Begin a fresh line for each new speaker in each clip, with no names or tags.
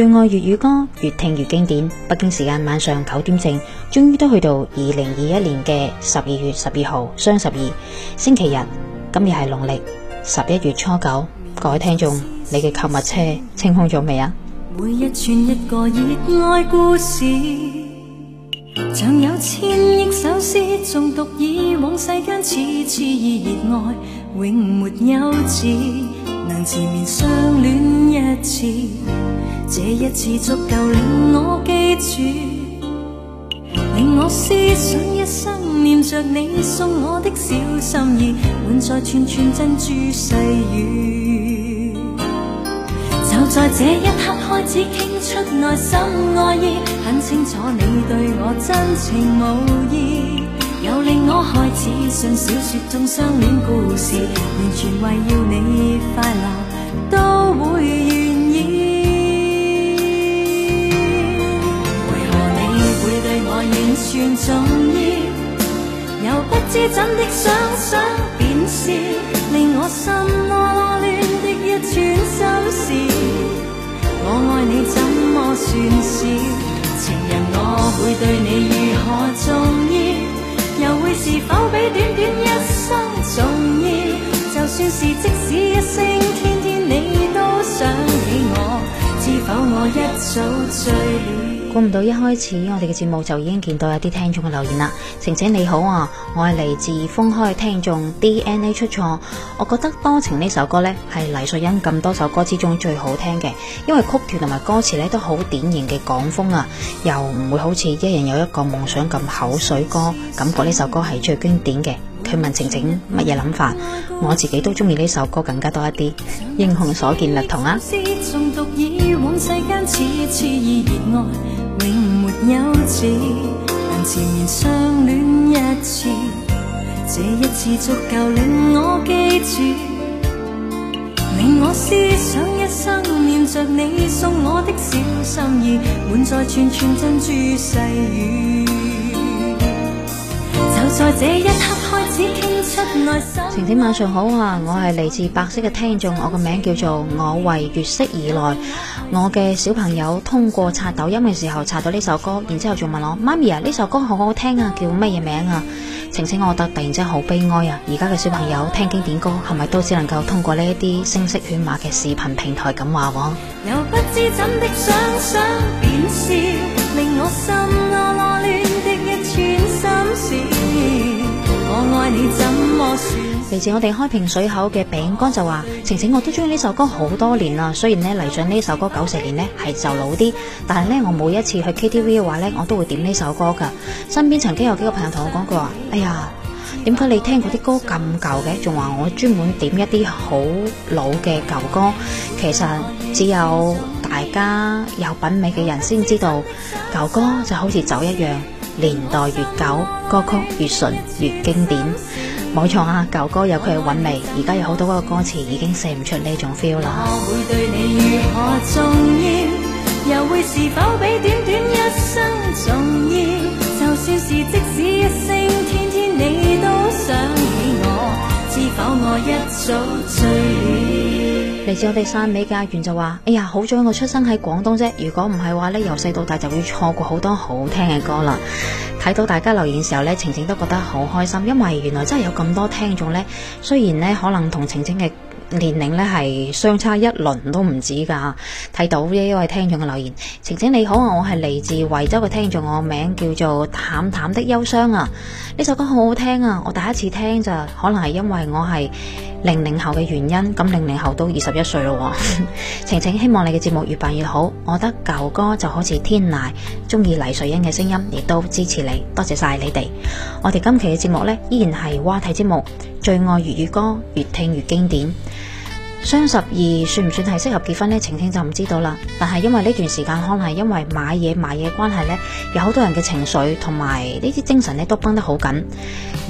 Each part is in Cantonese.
最愛粵語歌，越聽越經典。北京時間晚上九點正，終於都去到二零二一年嘅十二月十二號，雙十二星期日。今日係農曆十一月初九，各位聽眾，你嘅購物車清空咗未啊？
每一寸一個熱愛故事，像有千億首詩誦讀以往世間，次次以熱愛永沒休止，能纏綿相戀一次。這一次足夠令我記住，令我思想一生念着你送我的小心意，滿載串串珍珠細雨。就在這一刻開始傾出內心愛意，很清楚你對我真情無意，又令我開始信小說中相戀故事，完全為要你快樂都會要。重要，又不知怎的想，想想便是令我心囉囉攣的一串心事。我愛你怎麼算少？情人，我會對你如何重要？又會是否比短短一生重要？就算是即使一聲天天你都想起我，
知否我一早醉了？估唔到一開始我哋嘅節目就已經見到有啲聽眾嘅留言啦，晴晴你好啊，我係嚟自封開聽眾 DNA 出錯，我覺得《多情》呢首歌呢，係黎瑞恩咁多首歌之中最好聽嘅，因為曲調同埋歌詞呢都好典型嘅港風啊，又唔會好似《一人有一個夢想》咁口水歌，感覺呢首歌係最經典嘅。佢問晴晴乜嘢諗法，我自己都中意呢首歌更加多一啲，英雄所見略同
啊！永沒有止，但纏綿相戀一次，這一次足夠令我記住，你我思想一生念着你送我的小心意，滿載串串珍珠細雨。
就在這一刻。晴晴晚上好啊，我係嚟自白色嘅聽眾，我個名叫做我為月色而來。我嘅小朋友通過刷抖音嘅時候，刷到呢首歌，然之後仲問我媽咪啊，呢首歌好好聽啊，叫乜嘢名啊？晴晴，我覺得突然真係好悲哀啊！而家嘅小朋友聽經典歌，係咪都只能夠通過呢一啲聲色犬馬嘅視頻平台咁話、啊？嚟自我哋開瓶水口嘅餅乾就話：晴晴，我都中意呢首歌好多年啦。雖然呢嚟上呢首歌九四年呢係就老啲，但係呢，我每一次去 KTV 嘅話呢，我都會點呢首歌噶。身邊曾經有幾個朋友同我講，佢話：哎呀，點解你聽嗰啲歌咁舊嘅？仲話我專門點一啲好老嘅舊歌。其實只有大家有品味嘅人先知道，舊歌就好似酒一樣。年代越久，歌曲越純，越經典，冇錯啊！舊歌有佢嘅韻味，而家有好多嗰個歌詞已經寫唔出呢種 feel 啦。我會對
你如何重要？又會是否比短短一生重要？就算是即使一生，天天你都想起我，知否我一早醉了。
嚟自我哋汕尾嘅阿員就話，哎呀，好彩我出生喺廣東啫，如果唔係話呢，由細到大就會錯過好多好聽嘅歌啦。睇到大家留言嘅時候呢，晴晴都覺得好開心，因為原來真係有咁多聽眾呢。雖然呢，可能同晴晴嘅。年齡咧係相差一輪都唔止噶。睇到呢一位聽眾嘅留言晴晴你好啊，我係嚟自惠州嘅聽眾，我名叫做淡淡的憂傷啊，呢首歌好好聽啊，我第一次聽咋，可能係因為我係零零後嘅原因，咁零零後都二十一歲咯， 晴晴希望你嘅節目越辦越好，我覺得舊歌就好似天籟，中意黎瑞恩嘅聲音，亦都支持你，多謝晒你哋，我哋今期嘅節目呢，依然係話題節目。醉愛粵語歌，越聽越經典。雙十二算唔算係適合結婚呢？晴晴就唔知道啦。但係因為呢段時間，可能係因為買嘢買嘢關係呢，有好多人嘅情緒同埋呢啲精神呢，都繃得好緊。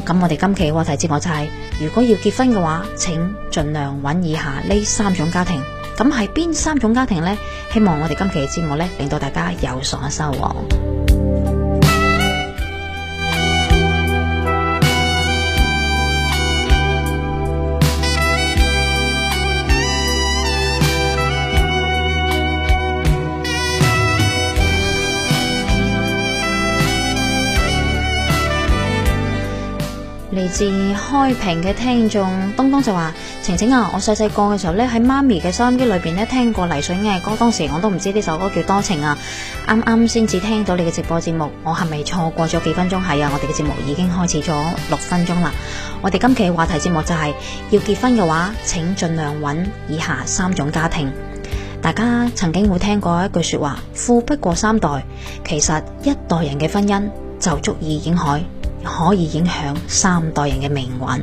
咁我哋今期嘅話題節目就係，如果要結婚嘅話，請盡量揾以下呢三種家庭。咁係邊三種家庭呢？希望我哋今期嘅節目呢，令到大家有所收穫。自開屏嘅聽眾東東就話：晴晴啊，我細細個嘅時候咧，喺媽咪嘅收音機裏邊咧，聽過黎水英嘅歌，當時我都唔知呢首歌叫多情啊。啱啱先至聽到你嘅直播節目，我係咪錯過咗幾分鐘？係啊，我哋嘅節目已經開始咗六分鐘啦。我哋今期嘅話題節目就係要結婚嘅話，請盡量揾以下三種家庭。大家曾經會聽過一句說話：富不過三代。其實一代人嘅婚姻就足以影海。可以影響三代人嘅命運。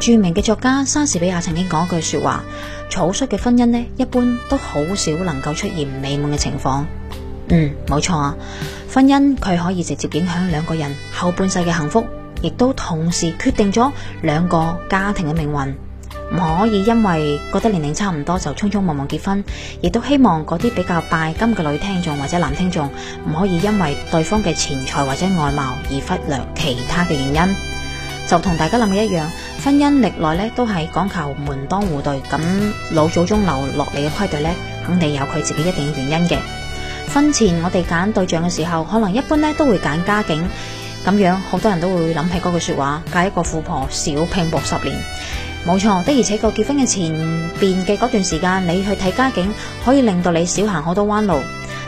著名嘅作家莎士比亞曾經講一句說話：草率嘅婚姻呢，一般都好少能夠出現美滿嘅情況。嗯，冇錯，婚姻佢可以直接影響兩個人後半世嘅幸福，亦都同時決定咗兩個家庭嘅命運。唔可以因為覺得年齡差唔多就匆匆忙忙結婚，亦都希望嗰啲比較拜金嘅女聽眾或者男聽眾唔可以因為對方嘅錢財或者外貌而忽略其他嘅原因。就同大家諗嘅一樣，婚姻歷來咧都係講求門當戶對，咁老祖宗留落嚟嘅規矩咧，肯定有佢自己一定嘅原因嘅。婚前我哋揀對象嘅時候，可能一般咧都會揀家境，咁樣好多人都會諗起嗰句說話：嫁一個富婆，少拼搏十年。冇錯，的而且確，結婚嘅前邊嘅嗰段時間，你去睇家境，可以令到你少行好多彎路。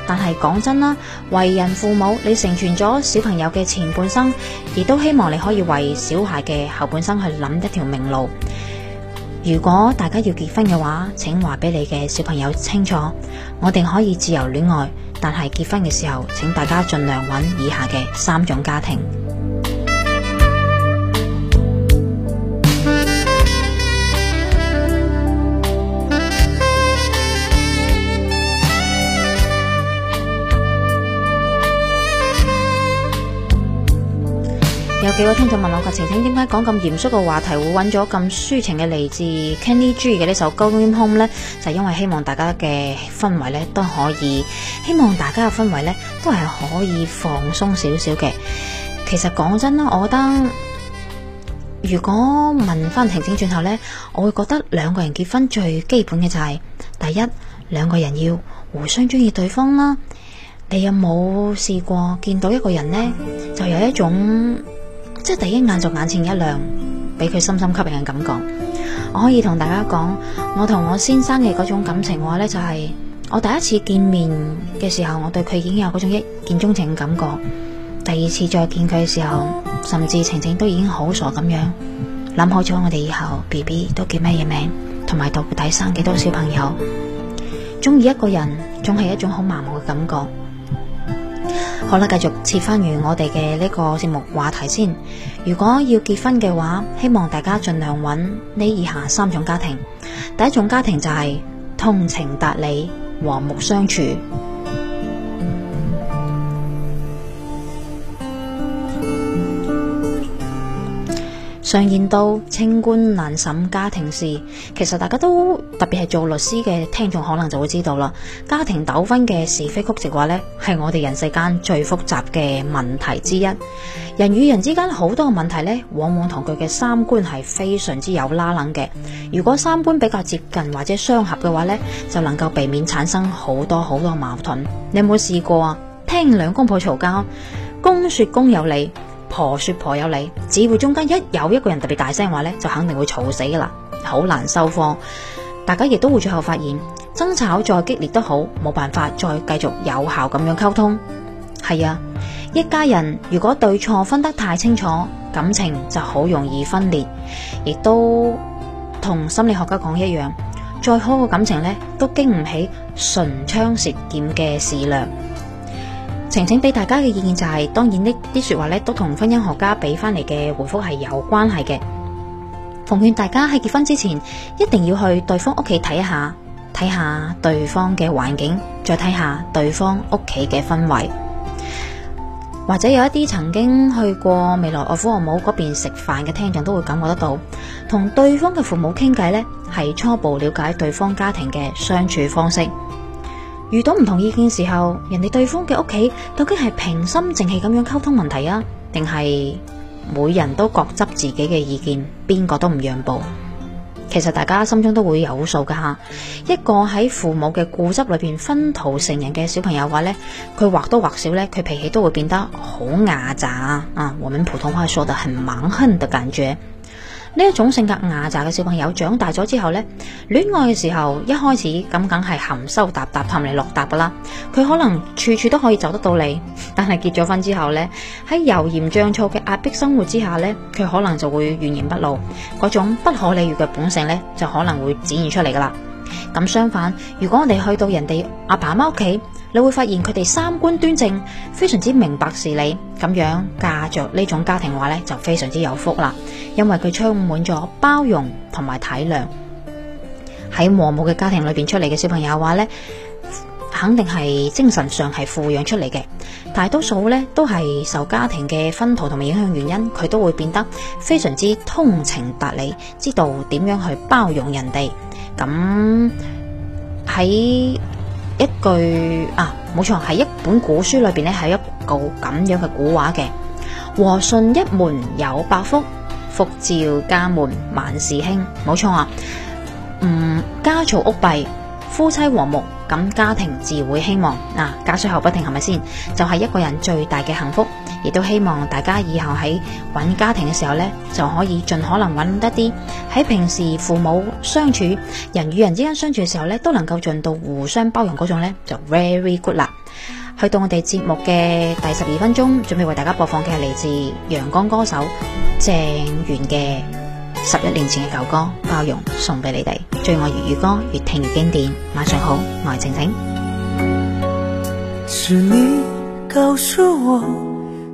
但係講真啦，為人父母，你成全咗小朋友嘅前半生，亦都希望你可以為小孩嘅後半生去諗一條明路。如果大家要結婚嘅話，請話俾你嘅小朋友清楚，我哋可以自由戀愛，但係結婚嘅時候，請大家盡量揾以下嘅三種家庭。有幾個聽眾問我郭晴晴點解講咁嚴肅嘅話題會揾咗咁抒情嘅嚟自 Kenny G 嘅呢首 Going Home 呢？就係，因為希望大家嘅氛圍呢都可以，希望大家嘅氛圍呢都係可以放鬆少少嘅。其實講真啦，我覺得如果問翻婷婷轉頭呢，我會覺得兩個人結婚最基本嘅就係、是，第一，兩個人要互相中意對方啦。你有冇試過見到一個人呢，就有一種？即第一眼就眼前一亮，俾佢深深吸引嘅感覺。我可以同大家講，我同我先生嘅嗰種感情話呢，就係我第一次見面嘅時候，我對佢已經有嗰種一見鍾情嘅感覺。第二次再見佢嘅時候，甚至晴晴都已經好傻咁樣諗好咗我哋以後 B B 都叫咩嘢名，同埋到底生幾多小朋友。中意一個人，總係一種好麻木嘅感覺。好啦，繼續切翻完我哋嘅呢個節目話題先。如果要結婚嘅話，希望大家盡量揾，呢以下三種家庭。第一種家庭就係通情達理、和睦相處。常言道清官難審家庭事，其實大家都特別係做律師嘅聽眾可能就會知道啦。家庭糾紛嘅是非曲直嘅話咧，係我哋人世間最複雜嘅問題之一。人與人之間好多嘅問題咧，往往同佢嘅三觀係非常之有拉冷嘅。如果三觀比較接近或者相合嘅話咧，就能夠避免產生好多好多矛盾。你有冇試過啊？聽兩公婆嘈交，公說公有理。婆說婆有理，只會中間一有一個人特別大聲話咧，就肯定會吵死噶啦，好難收科。大家亦都會最後發現，爭吵再激烈都好，冇辦法再繼續有效咁樣溝通。係啊，一家人如果對錯分得太清楚，感情就好容易分裂，亦都同心理學家講一樣，再好嘅感情咧，都經唔起唇槍舌劍嘅試量。晴晴俾大家嘅意見就係，當然呢啲說話咧都同婚姻學家俾翻嚟嘅回復係有關係嘅。奉勸大家喺結婚之前，一定要去對方屋企睇下，睇下對方嘅環境，再睇下對方屋企嘅氛圍。或者有一啲曾經去過未來岳父岳母嗰邊食飯嘅聽眾都會感覺得到，同對方嘅父母傾偈呢，係初步了解對方家庭嘅相處方式。遇到唔同意見嘅時候，人哋對方嘅屋企究竟係平心靜氣咁樣溝通問題啊，定係每人都各執自己嘅意見，邊個都唔讓步？其實大家心中都會有數噶吓。一個喺父母嘅固執裏邊分途成人嘅小朋友嘅話咧，佢或多或少呢，佢脾氣都會變得好牙咋。啊。我們普通話說得很蠻橫的感覺。呢一種性格牙渣嘅小朋友長大咗之後呢，戀愛嘅時候，一開始咁梗係含羞答答、氹你落答噶啦，佢可能處處都可以走得到你，但係結咗婚之後呢，喺油鹽醬醋嘅壓迫生活之下呢，佢可能就會原形畢露。嗰種不可理喻嘅本性呢，就可能會展現出嚟噶啦。咁相反，如果我哋去到人哋阿爸阿媽屋企，你會發現佢哋三觀端正，非常之明白事理。咁樣嫁着呢種家庭話呢，就非常之有福啦，因為佢充滿咗包容同埋體諒。喺和睦嘅家庭裏邊出嚟嘅小朋友話呢，肯定係精神上係富養出嚟嘅，大多數呢，都係受家庭嘅熏陶同埋影響原因，佢都會變得非常之通情達理，知道點樣去包容人哋。咁喺一句啊，冇錯，喺一本古書裏邊咧，係一個咁樣嘅古話嘅。和順一門有百福，福照家門萬事興。冇錯啊，嗯，家嘈屋閉，夫妻和睦，咁家庭自會興旺啊，家衰後不停係咪先？就係一個人最大嘅幸福。亦都希望大家以後喺搵家庭嘅時候呢，就可以盡可能搵得啲喺平時父母相處、人與人之間相處嘅時候呢，都能夠盡到互相包容嗰種呢，就 very good 啦。去到我哋節目嘅第十二分鐘，準備為大家播放嘅係嚟自陽光歌手鄭源嘅十一年前嘅舊歌《包容》送，送俾你哋。醉愛粵語歌，越聽越經典，晚上好，我係晴晴。是你告訴我。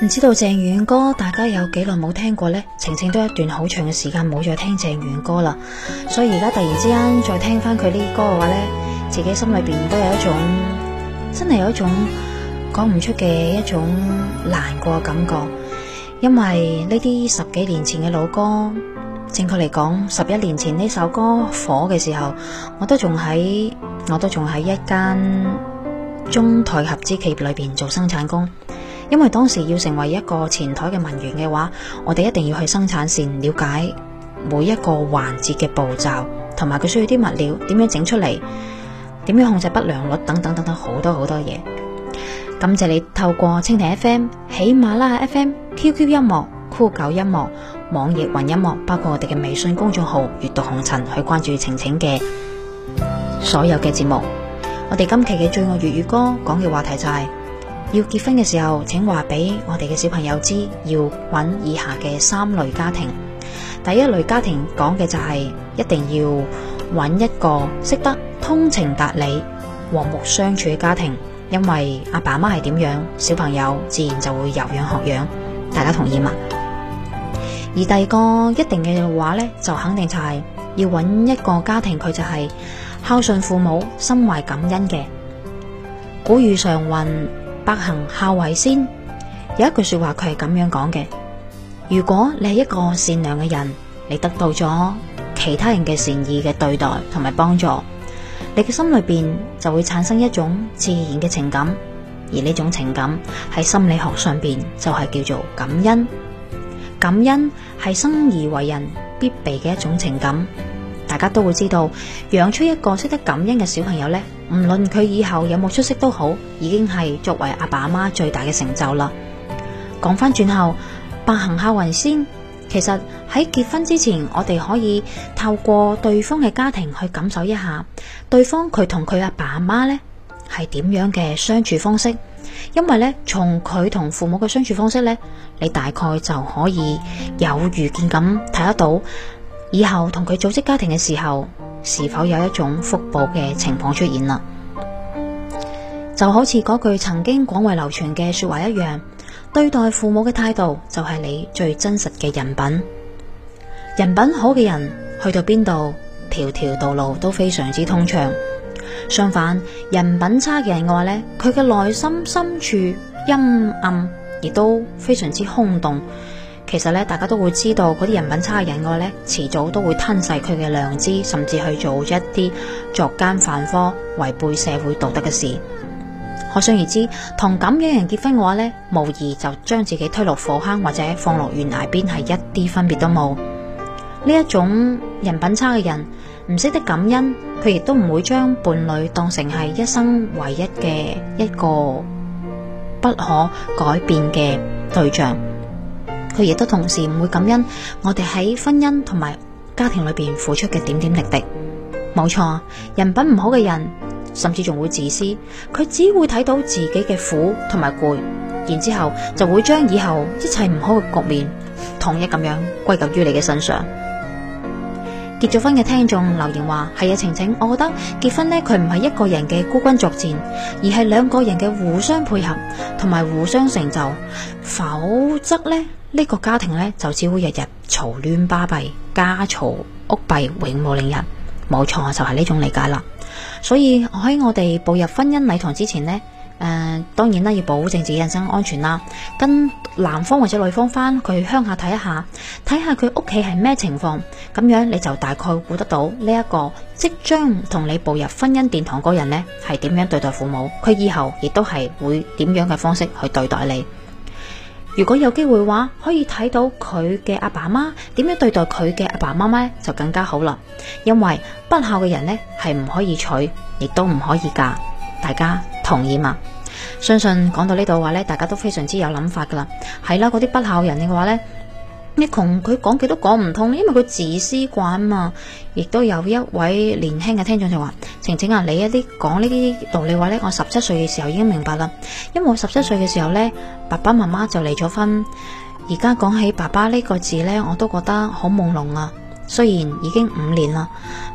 唔知道鄭遠歌，大家有幾耐冇聽過咧？晴晴都一段好長嘅時間冇再聽鄭遠歌啦，所以而家突然之間再聽翻佢呢歌嘅話咧，自己心裏邊都有一種真係有一種講唔出嘅一種難過嘅感覺，因爲呢啲十幾年前嘅老歌，正確嚟講十一年前呢首歌火嘅時候，我都仲喺，我都仲喺一間中台合資企業裏邊做生產工。因為當時要成為一個前台嘅文員嘅話，我哋一定要去生產線了解每一個環節嘅步驟，同埋佢需要啲物料點樣整出嚟，點樣控制不良率等等等等好多好多嘢。感謝你透過蜻蜓 FM、喜馬拉雅 FM、QQ 音樂、酷狗音樂、網易雲音樂，包括我哋嘅微信公眾號《閱讀紅塵》，去關注晴晴嘅所有嘅節目。我哋今期嘅醉愛粵語歌，講嘅話題就係、是。要結婚嘅時候，請話俾我哋嘅小朋友知，要揾以下嘅三類家庭。第一類家庭講嘅就係、是、一定要揾一個識得通情達理、和睦相處嘅家庭，因為阿爸媽係點樣，小朋友自然就會有樣學樣。大家同意嘛？而第二個一定嘅話呢，就肯定就係要揾一個家庭，佢就係孝順父母、心懷感恩嘅。古語常云，百行孝為先，有一句說話佢係咁樣講嘅。如果你係一個善良嘅人，你得到咗其他人嘅善意嘅對待同埋幫助，你嘅心裏邊就會產生一種自然嘅情感，而呢種情感喺心理學上邊就係叫做感恩。感恩係生而為人必備嘅一種情感，大家都會知道，養出一個識得感恩嘅小朋友呢？唔論佢以後有冇出息都好，已經係作為阿爸阿媽最大嘅成就啦。講翻轉後，百行孝雲先。其實喺結婚之前，我哋可以透過對方嘅家庭去感受一下，對方佢同佢阿爸阿媽呢係點樣嘅相處方式。因為呢，從佢同父母嘅相處方式呢，你大概就可以有預見咁睇得到以後同佢組織家庭嘅時候。是否有一種福報嘅情況出現啦？就好似嗰句曾經廣為流傳嘅說話一樣，對待父母嘅態度就係你最真實嘅人品。人品好嘅人去到邊度，條條道路都非常之通暢；相反，人品差嘅人嘅話呢，佢嘅內心深處陰暗，亦都非常之空洞。其實咧，大家都會知道嗰啲人品差嘅人嘅話咧，遲早都會吞噬佢嘅良知，甚至去做一啲作奸犯科、違背社會道德嘅事。可想而知，同咁樣人結婚嘅話咧，無疑就將自己推落火坑或者放落懸崖邊，係一啲分別都冇。呢一種人品差嘅人，唔識得感恩，佢亦都唔會將伴侶當成係一生唯一嘅一個不可改變嘅對象。佢亦都同時唔會感恩我哋喺婚姻同埋家庭裏邊付出嘅點點滴滴。冇錯啊，人品唔好嘅人甚至仲會自私，佢只會睇到自己嘅苦同埋攰，然之後就會將以後一切唔好嘅局面統一咁樣歸咎於你嘅身上。結咗婚嘅聽眾留言話：係啊，晴晴，我覺得結婚呢，佢唔係一個人嘅孤軍作戰，而係兩個人嘅互相配合同埋互相成就，否則呢？呢個家庭呢，就只會日日嘈亂巴閉，家嘈屋閉，永無寧日。冇錯，就係、是、呢種理解啦。所以喺我哋步入婚姻禮堂之前呢，誒、呃，當然啦，要保證自己人生安全啦。跟男方或者女方翻佢鄉下睇一下，睇下佢屋企係咩情況，咁樣你就大概估得到呢一個即將同你步入婚姻殿堂個人呢，係點樣對待父母，佢以後亦都係會點樣嘅方式去對待你。如果有機會話，可以睇到佢嘅阿爸媽點樣對待佢嘅阿爸媽媽，就更加好啦。因為不孝嘅人咧係唔可以娶，亦都唔可以嫁。大家同意嘛？相信講到呢度嘅話咧，大家都非常之有諗法噶啦。係啦，嗰啲不孝人嘅話咧。你同佢講佢都講唔通，因為佢自私慣啊嘛。亦都有一位年輕嘅聽眾就話：晴晴啊，你一啲講呢啲道理話呢？我十七歲嘅時候已經明白啦。因為我十七歲嘅時候呢，爸爸媽媽就離咗婚。而家講起爸爸呢個字呢，我都覺得好朦朧啊。雖然已經五年啦，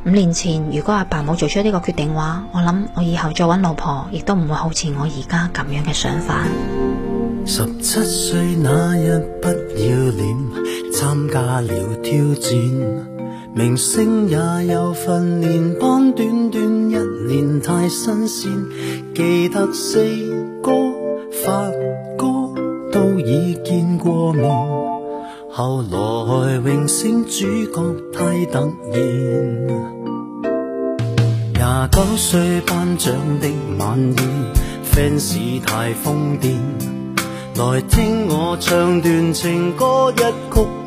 五年前如果阿爸冇做出呢個決定話，我諗我以後再揾老婆，亦都唔會好似我而家咁樣嘅想法。
十七歲那日，不要臉。參加了挑戰，明星也有訓練班，短短一年太新鮮。記得四哥、發哥都已見過面，後來榮升主角太突然。廿九歲頒獎的晚宴 ，fans 太瘋癲，來聽我唱段情歌一曲。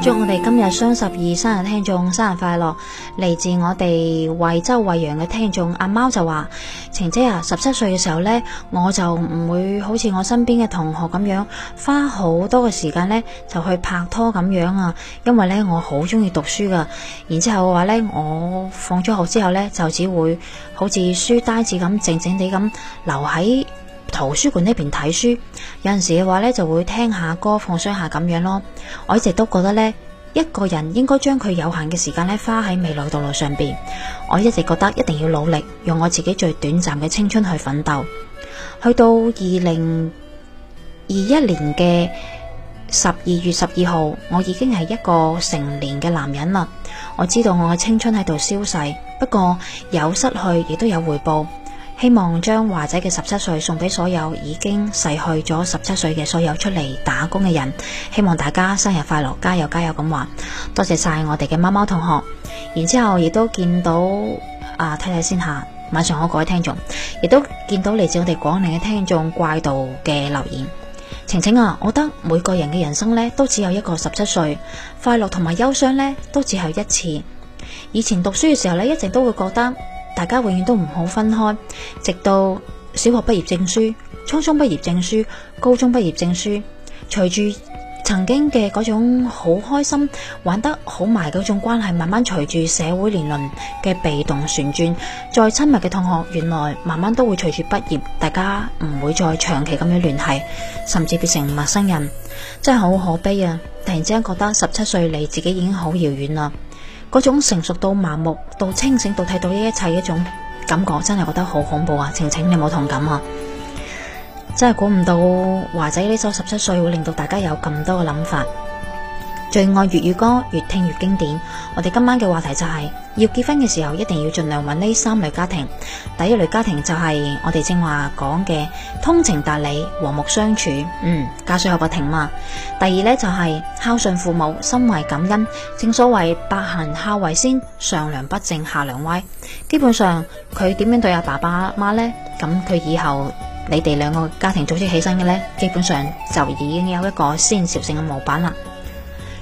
祝我哋今日雙十二生日聽眾生日快樂！嚟自我哋惠州惠陽嘅聽眾阿貓就話，晴姐啊，十七歲嘅時候呢，我就唔會好似我身邊嘅同學咁樣花好多嘅時間呢就去拍拖咁樣啊，因為呢我好中意讀書噶。然之後嘅話呢，我放咗學之後呢，就只會好似書呆子咁靜靜地咁留喺。圖書館呢邊睇書，有陣時嘅話呢就會聽下歌，放鬆下咁樣咯。我一直都覺得呢，一個人應該將佢有限嘅時間呢花喺未來道路上邊。我一直覺得一定要努力，用我自己最短暫嘅青春去奮鬥。去到二零二一年嘅十二月十二號，我已經係一個成年嘅男人啦。我知道我嘅青春喺度消逝，不過有失去亦都有回報。希望將華仔嘅十七歲送俾所有已經逝去咗十七歲嘅所有出嚟打工嘅人，希望大家生日快樂，加油加油咁話。多謝晒我哋嘅貓貓同學，然之後亦都見到啊，睇睇先下。晚上好，各位聽眾，亦都見到嚟自我哋廣寧嘅聽眾怪道嘅留言。晴晴啊，我覺得每個人嘅人生呢，都只有一個十七歲，快樂同埋憂傷呢，都只係一次。以前讀書嘅時候呢，一直都會覺得。大家永遠都唔好分開，直到小學畢業證書、初中畢業證書、高中畢業證書。隨住曾經嘅嗰種好開心、玩得好埋嗰種關係，慢慢隨住社會年輪嘅被動旋轉，再親密嘅同學，原來慢慢都會隨住畢業，大家唔會再長期咁樣聯繫，甚至變成陌生人，真係好可悲啊！突然之間覺得十七歲離自己已經好遙遠啦。嗰種成熟到麻木到清醒到睇到呢一切嘅一種感覺，真係覺得好恐怖啊！晴晴你有冇同感啊？真係估唔到華仔呢首《十七歲》會令到大家有咁多嘅諗法。醉愛粵語歌，越聽越經典。我哋今晚嘅話題就係要結婚嘅時候，一定要盡量搵呢三類家庭。第一類家庭就係我哋正話講嘅通情達理、和睦相處，嗯，家衰口不停嘛。第二呢就係孝順父母、心懷感恩。正所謂百行孝為先，上梁不正下梁歪。基本上佢點樣對阿爸爸媽呢？咁佢以後你哋兩個家庭組織起身嘅呢，基本上就已經有一個先兆性嘅模板啦。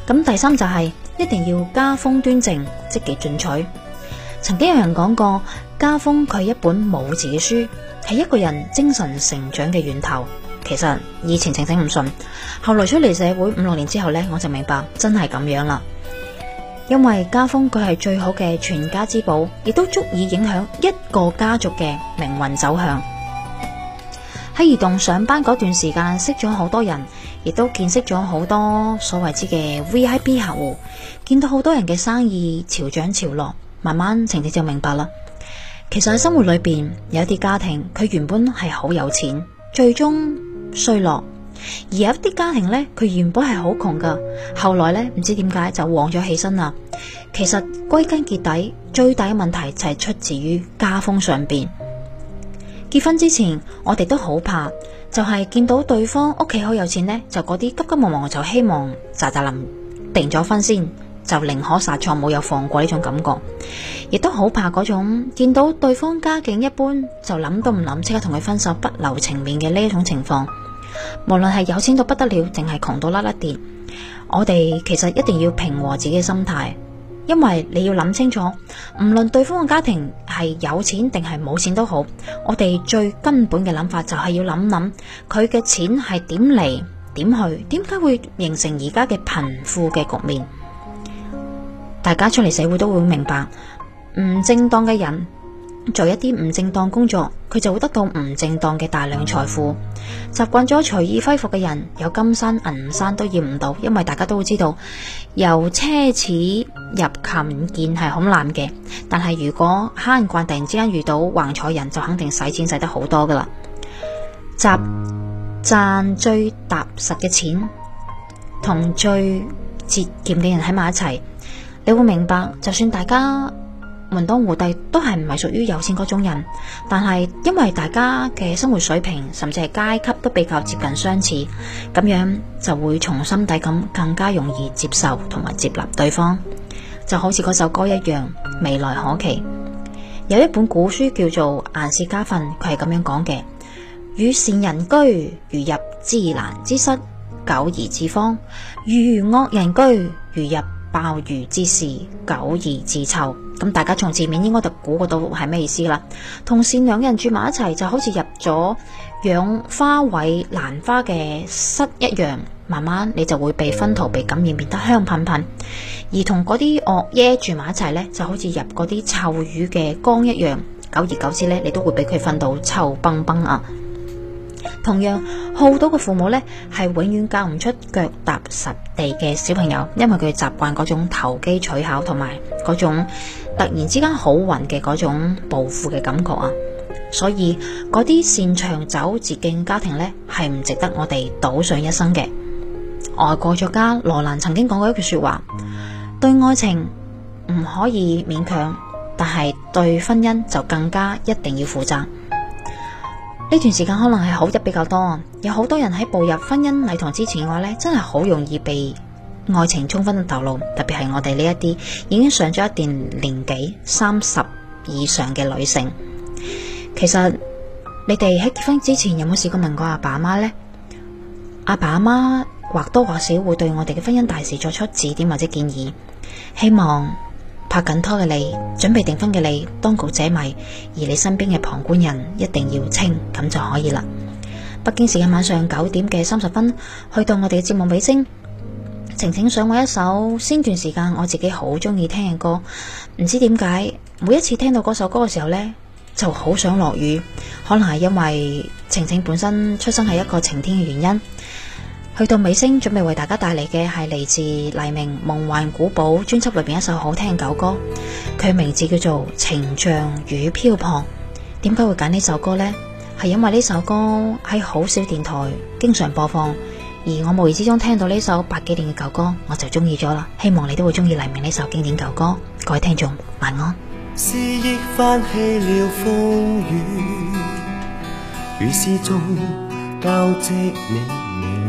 咁第三就係、是、一定要家風端正，積極進取。曾經有人講過，家風佢係一本冇字嘅書，係一個人精神成長嘅源頭。其實以前靜靜唔信，後來出嚟社會五六年之後呢，我就明白真係咁樣啦。因為家風佢係最好嘅全家之寶，亦都足以影響一個家族嘅命運走向。喺移動上班嗰段時間，識咗好多人，亦都見識咗好多所謂之嘅 VIP 客戶，見到好多人嘅生意潮漲潮落，慢慢情節就明白啦。其實喺生活裏邊，有啲家庭佢原本係好有錢，最終衰落；而有一啲家庭呢，佢原本係好窮噶，後來呢，唔知點解就旺咗起身啦。其實歸根結底，最大嘅問題就係出自於家風上邊。結婚之前，我哋都好怕，就係見到對方屋企好有錢呢，就嗰啲急急忙忙就希望咋咋林定咗婚先，就寧可殺錯冇有放過呢種感覺，亦都好怕嗰種見到對方家境一般就諗都唔諗，即刻同佢分手不留情面嘅呢一種情況。無論係有錢到不得了，定係窮到甩甩跌，我哋其實一定要平和自己嘅心態。因為你要諗清楚，無論對方嘅家庭係有錢定係冇錢都好，我哋最根本嘅諗法就係要諗諗佢嘅錢係點嚟點去，點解會形成而家嘅貧富嘅局面？大家出嚟社會都會明白，唔正當嘅人，做一啲唔正當工作，佢就會得到唔正當嘅大量財富。習慣咗隨意揮霍嘅人，有金山銀山都要唔到，因為大家都會知道由奢侈入勤儉係好難嘅。但係如果慳慣，突然之間遇到橫財人，就肯定使錢使得好多噶啦。集賺最踏實嘅錢，同最節儉嘅人喺埋一齊，你會明白，就算大家。門當戶對都係唔係屬於有錢嗰種人，但係因為大家嘅生活水平甚至係階級都比較接近相似，咁樣就會從心底咁更加容易接受同埋接納對方，就好似嗰首歌一樣，未來可期。有一本古書叫做《顏氏家訓》，佢係咁樣講嘅：與善人居，如入芝蘭之室，久而自芳；與惡人居，如入鮑魚之肆，久而自臭。咁大家從字面應該就估到係咩意思啦。同善良人住埋一齊，就好似入咗養花卉蘭花嘅室一樣，慢慢你就會被熏陶、被感染，變得香噴噴；而同嗰啲惡嘢住埋一齊呢，就好似入嗰啲臭魚嘅缸一樣，久而久之呢，你都會俾佢熏到臭崩崩啊！同樣好賭嘅父母呢，係永遠教唔出腳踏實地嘅小朋友，因為佢習慣嗰種投機取巧同埋嗰種突然之間好運嘅嗰種暴富嘅感覺啊！所以嗰啲擅長走捷徑家庭呢，係唔值得我哋賭上一生嘅。外國作家羅蘭曾經講過一句說話，對愛情唔可以勉強，但係對婚姻就更加一定要負責。呢段時間可能係好得比較多，有好多人喺步入婚姻禮堂之前嘅話咧，真係好容易被愛情衝昏頭腦，特別係我哋呢一啲已經上咗一段年紀三十以上嘅女性。其實你哋喺結婚之前有冇試過問過阿爸阿媽咧？阿爸阿媽或多或少會對我哋嘅婚姻大事作出指點或者建議，希望。拍緊拖嘅你，準備訂婚嘅你，當局者迷，而你身邊嘅旁觀人一定要清，咁就可以啦。北京時間晚上九點嘅三十分，去到我哋嘅節目尾聲。晴晴想揾我一首，先段時間我自己好中意聽嘅歌，唔知點解每一次聽到嗰首歌嘅時候呢，就好想落雨，可能係因為晴晴本身出生係一個晴天嘅原因。去到尾聲，準備為大家帶嚟嘅係嚟自黎明夢幻古堡專輯裏邊一首好聽嘅舊歌，佢名字叫做《情像雨飄泊》。點解會揀呢首歌呢？係因為呢首歌喺好少電台經常播放，而我無意之中聽到呢首百幾年嘅舊歌，我就中意咗啦。希望你都會中意黎明呢首經典舊歌。各位聽眾，晚
安。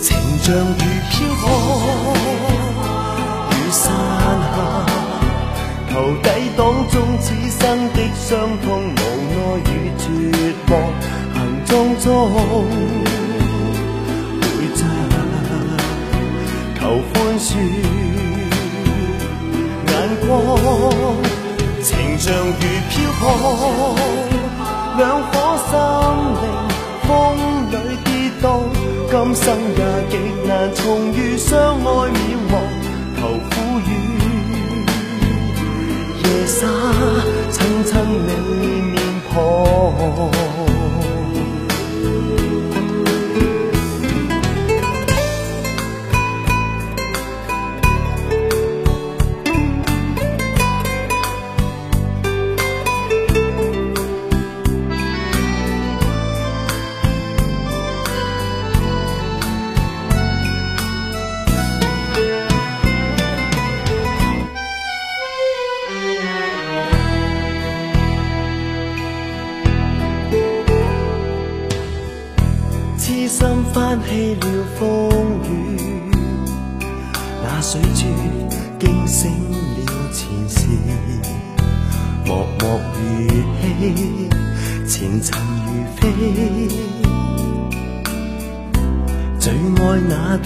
情像雨飄泊，雨傘下，求抵擋。中此生的傷痛、無奈與絕望，行蹤中每集求寬恕眼光。情像雨飄泊。兩顆心靈風裏跌倒，今生也極難重遇，相愛渺茫。求苦雨夜沙親親你面龐。